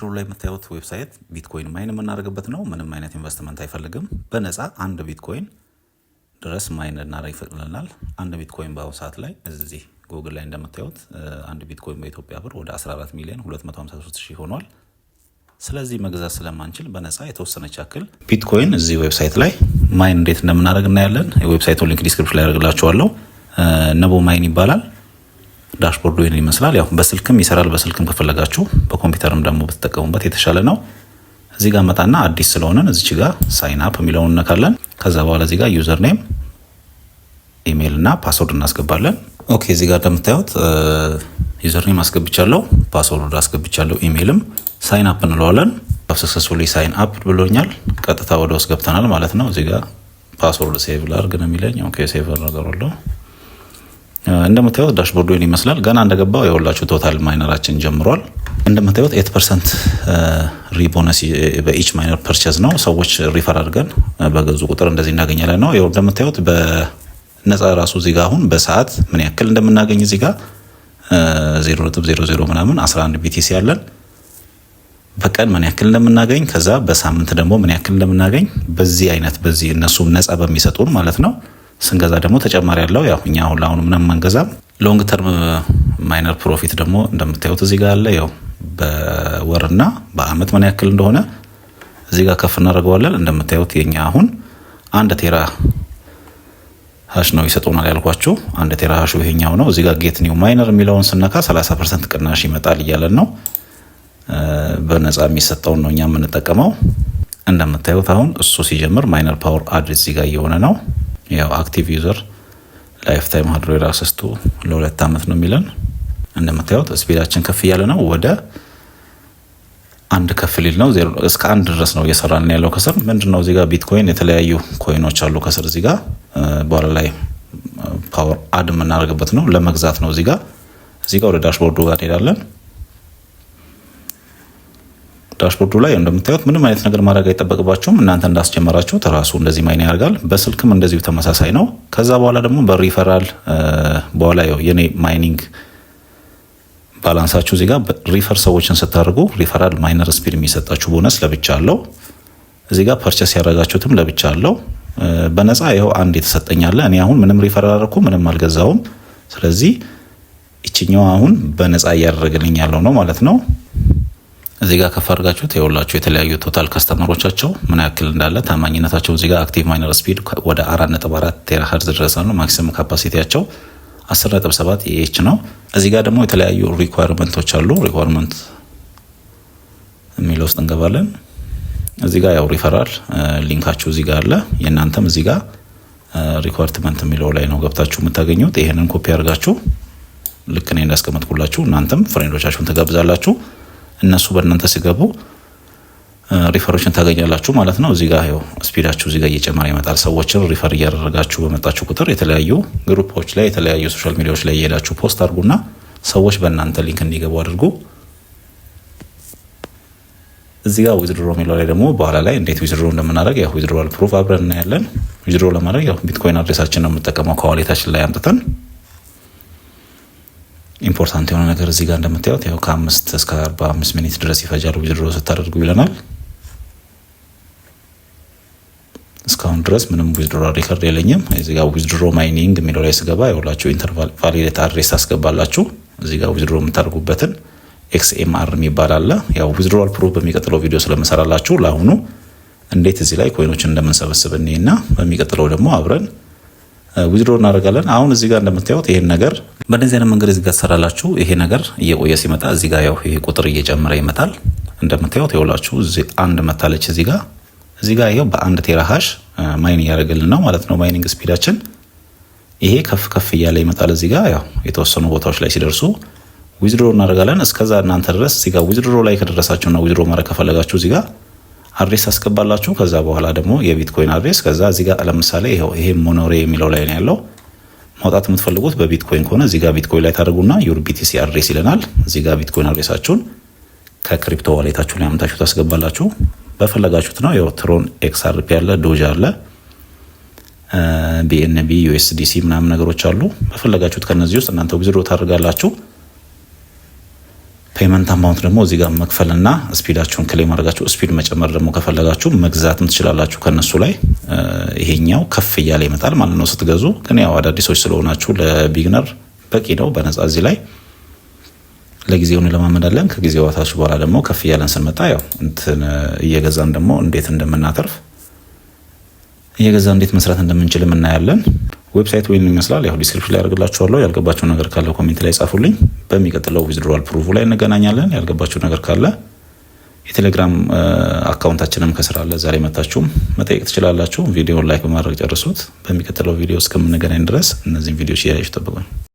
ስክሩ ላይ የምታዩት ዌብሳይት ቢትኮይን ማይን የምናደርግበት ነው። ምንም አይነት ኢንቨስትመንት አይፈልግም። በነፃ አንድ ቢትኮይን ድረስ ማይን ልናደርግ ይፈቅድልናል። አንድ ቢትኮይን በአሁኑ ሰዓት ላይ እዚህ ጉግል ላይ እንደምታዩት አንድ ቢትኮይን በኢትዮጵያ ብር ወደ 14 ሚሊዮን 253 ሺህ ሆኗል። ስለዚህ መግዛት ስለማንችል በነፃ የተወሰነች ያክል ቢትኮይን እዚህ ዌብሳይት ላይ ማይን እንዴት እንደምናደርግ እናያለን። የዌብሳይቱን ሊንክ ዲስክሪፕሽን ላይ ያደርግላችኋለሁ። ነቦ ማይን ይባላል። ዳሽቦርዱ ይህን ይመስላል። ያው በስልክም ይሰራል። በስልክም ከፈለጋችሁ በኮምፒውተርም ደግሞ ብትጠቀሙበት የተሻለ ነው። እዚህ ጋር መጣና አዲስ ስለሆነን እዚች ጋር ሳይን አፕ የሚለውን እነካለን። ከዛ በኋላ እዚህ ጋር ዩዘር ኔም፣ ኢሜይል እና ፓስወርድ እናስገባለን። ኦኬ እዚህ ጋር እንደምታዩት ዩዘር ኔም አስገብቻለሁ፣ ፓስወርድ አስገብቻለሁ፣ ኢሜይልም ሳይን አፕ እንለዋለን። ሰክሰስፉሊ ሳይን አፕ ብሎኛል። ቀጥታ ወደ ውስጥ ገብተናል ማለት ነው። እዚህ ጋር ፓስወርድ ሴቭ ላርግ ነው የሚለኝ። ኦኬ ሴቭ አደርገዋለሁ። እንደምታዩት ዳሽቦርዱን ይመስላል። ገና እንደገባው የወላችሁ ቶታል ማይነራችን ጀምሯል። እንደምታዩት ኤት ፐርሰንት ሪቦነስ በኢች ማይነር ፐርቸዝ ነው። ሰዎች ሪፈር አድርገን በገዙ ቁጥር እንደዚህ እናገኛለን ነው። እንደምታዩት በነፃ ራሱ ዚጋ አሁን በሰዓት ምን ያክል እንደምናገኝ ዚጋ 0.00 ምናምን 11 ቢቲሲ ያለን በቀን ምን ያክል እንደምናገኝ ከዛ በሳምንት ደግሞ ምን ያክል እንደምናገኝ በዚህ አይነት በዚህ እነሱም ነፃ በሚሰጡን ማለት ነው ስንገዛ ደግሞ ተጨማሪ ያለው ያው እኛ አሁን ለአሁኑ ምንም አንገዛም። ሎንግ ተርም ማይነር ፕሮፊት ደግሞ እንደምታዩት እዚህ ጋር አለ። ያው በወርና በአመት ምን ያክል እንደሆነ እዚህ ጋር ከፍ እናደርገዋለን። እንደምታዩት የኛ አሁን አንድ ቴራ ሀሽ ነው ይሰጡናል ያልኳችሁ። አንድ ቴራ ሀሹ ይሄኛው ነው። እዚህ ጋር ጌት ኒው ማይነር የሚለውን ስነካ 30 ፐርሰንት ቅናሽ ይመጣል እያለን ነው። በነፃ የሚሰጠውን ነው እኛ የምንጠቀመው። እንደምታዩት አሁን እሱ ሲጀምር ማይነር ፓወር አድ እዚህ ጋር እየሆነ ነው። ያው አክቲቭ ዩዘር ላይፍ ታይም ሃርድዌር ለሁለት ዓመት ነው የሚለን። እንደምታዩት ስፒዳችን ከፍ እያለ ነው። ወደ አንድ ከፍ ሊል ነው። እስከ አንድ ድረስ ነው እየሰራን ያለው። ከስር ምንድን ነው እዚጋ ቢትኮይን፣ የተለያዩ ኮይኖች አሉ ከስር እዚጋ በኋላ ላይ ፓወር አድ የምናደርግበት ነው። ለመግዛት ነው እዚጋ እዚጋ ወደ ዳሽቦርዱ ጋር እንሄዳለን። ዳሽቦርዱ ላይ እንደምታዩት ምንም አይነት ነገር ማድረግ አይጠበቅባቸውም። እናንተ እንዳስጀመራቸው ተራሱ እንደዚህ ማይን ያደርጋል። በስልክም እንደዚሁ ተመሳሳይ ነው። ከዛ በኋላ ደግሞ በሪፈራል በኋላ ያው የኔ ማይኒንግ ባላንሳችሁ እዚህ ሪፈር ሰዎችን ስታደርጉ ሪፈራል ማይነር ስፒድ የሚሰጣችሁ ቦነስ ለብቻ አለው። እዚህ ፐርቸስ ያደረጋችሁትም ለብቻ አለው። በነፃ ይኸው አንድ የተሰጠኛለ። እኔ አሁን ምንም ሪፈር አደረግኩ፣ ምንም አልገዛውም። ስለዚህ ይችኛው አሁን በነፃ እያደረግልኝ ያለው ነው ማለት ነው። እዚህ ጋር ከፍ አድርጋችሁት የሁላችሁ የተለያዩ ቶታል ከስተመሮቻቸው ምን ያክል እንዳለ ታማኝነታቸው እዚህ ጋር አክቲቭ ማይነር ስፒድ ወደ አራት ነጥብ አራት ቴራሀርዝ ድረስ ነው። ማክሲመም ካፓሲቲያቸው አስር ነጥብ ሰባት ኤች ነው። እዚህ ጋር ደግሞ የተለያዩ ሪኳርመንቶች አሉ። ሪኳርመንት የሚለው ውስጥ እንገባለን። እዚህ ጋር ያው ሪፈራል ሊንካችሁ እዚህ ጋር አለ። የእናንተም እዚህ ጋር ሪኳርትመንት የሚለው ላይ ነው ገብታችሁ የምታገኙት። ይሄንን ኮፒ አድርጋችሁ ልክ እኔ እንዳስቀመጥኩላችሁ እናንተም ፍሬንዶቻችሁን ትጋብዛላችሁ። እነሱ በእናንተ ሲገቡ ሪፈሮችን ታገኛላችሁ ማለት ነው። እዚጋ ው ስፒዳችሁ እዚጋ እየጨመረ ይመጣል። ሰዎችን ሪፈር እያደረጋችሁ በመጣችሁ ቁጥር የተለያዩ ግሩፖች ላይ የተለያዩ ሶሻል ሚዲያዎች ላይ እየሄዳችሁ ፖስት አድርጉና ሰዎች በእናንተ ሊንክ እንዲገቡ አድርጉ። እዚጋ ዊዝድሮ የሚለው ላይ ደግሞ በኋላ ላይ እንዴት ዊዝድሮ እንደምናደርግ ዊዝድሮዋል ፕሩፍ አብረን እናያለን። ዊዝድሮ ለማድረግ ያው ቢትኮይን አድሬሳችን ነው የምንጠቀመው ከዋሌታችን ላይ አምጥተን ኢምፖርታንት የሆነ ነገር እዚህ ጋር እንደምታዩት ያው ከአምስት እስከ አርባ አምስት ሚኒት ድረስ ይፈጃል ዊዝድሮ ስታደርጉ ይለናል። እስካሁን ድረስ ምንም ዊዝድሮ ሪከርድ የለኝም። እዚህ ዊዝድሮ ማይኒንግ የሚለው ላይ ስገባ የሁላችሁ ኢንተርቫል ቫሊዴት አድሬስ ታስገባላችሁ። እዚህ ዊዝድሮ የምታደርጉበትን ኤክስኤምአር የሚባል አለ። ያው ዊዝድሮዋል ፕሩፍ በሚቀጥለው ቪዲዮ ስለምሰራላችሁ ለአሁኑ እንዴት እዚህ ላይ ኮይኖችን እንደምንሰበስብ እኔና በሚቀጥለው ደግሞ አብረን ዊድሮ እናደርጋለን። አሁን እዚህ ጋር እንደምታዩት ይሄን ነገር በእነዚህ አይነት መንገድ እዚህ ጋር ትሰራላችሁ። ይሄ ነገር እየቆየ ሲመጣ እዚህ ጋር ያው ይሄ ቁጥር እየጨመረ ይመጣል። እንደምታዩት ይውላችሁ አንድ መታለች እዚህ ጋር እዚህ ጋር ይኸው በአንድ ቴራ ሀሽ ማይን እያደረገልን ነው ማለት ነው። ማይኒንግ ስፒዳችን ይሄ ከፍ ከፍ እያለ ይመጣል። እዚህ ጋር ያው የተወሰኑ ቦታዎች ላይ ሲደርሱ ዊዝድሮ እናደርጋለን። እስከዛ እናንተ ድረስ እዚህ ጋር ዊዝድሮ ላይ ከደረሳችሁና ዊዝድሮ ማድረግ ከፈለጋችሁ እዚህ ጋር አድሬስ ታስገባላችሁ። ከዛ በኋላ ደግሞ የቢትኮይን አድሬስ ከዛ እዚህ ጋር ለምሳሌ ይኸው ይሄ ሞኖሬ የሚለው ላይ ነው ያለው። ማውጣት የምትፈልጉት በቢትኮይን ከሆነ እዚህ ጋር ቢትኮይን ላይ ታደርጉና ዩር ቢቲሲ አድሬስ ይለናል። እዚህ ጋር ቢትኮይን አድሬሳችሁን ከክሪፕቶ ዋሌታችሁ ላይ አምታችሁ ታስገባላችሁ። በፈለጋችሁት ነው። ያው ትሮን ኤክስአርፒ አለ፣ ዶጅ አለ፣ ቢኤንቢ ዩኤስዲሲ ምናምን ነገሮች አሉ። በፈለጋችሁት ከነዚህ ውስጥ እናንተ ዊዝድሮ ታደርጋላችሁ። ፔመንት አማውንት ደግሞ እዚህ ጋር መክፈልና ስፒዳችሁን ክሌም አድርጋችሁ ስፒድ መጨመር ደግሞ ከፈለጋችሁ መግዛትም ትችላላችሁ ከነሱ ላይ። ይሄኛው ከፍ እያለ ይመጣል ማለት ነው ስትገዙ። ግን ያው አዳዲሶች ስለሆናችሁ ለቢግነር በቂ ነው በነጻ እዚህ ላይ ለጊዜው እንለማመዳለን። ከጊዜ ዋታች በኋላ ደግሞ ከፍ እያለን ስንመጣ ያው እንትን እየገዛን ደግሞ እንዴት እንደምናተርፍ እየገዛ እንዴት መስራት እንደምንችልም እናያለን። ዌብሳይት ወይም ይመስላል። ያው ዲስክሪፕሽን ላይ ያደርግላችኋለሁ። ያልገባችሁ ነገር ካለ ኮሜንት ላይ ጻፉልኝ። በሚቀጥለው ዊዝድሮዋል ፕሩፉ ላይ እንገናኛለን። ያልገባችሁ ነገር ካለ የቴሌግራም አካውንታችንም ከስራ አለ። ዛሬ መታችሁም መጠየቅ ትችላላችሁ። ቪዲዮን ላይክ በማድረግ ጨርሱት። በሚቀጥለው ቪዲዮ እስከምንገናኝ ድረስ እነዚህን ቪዲዮች እያያችሁ ጠብቁኝ።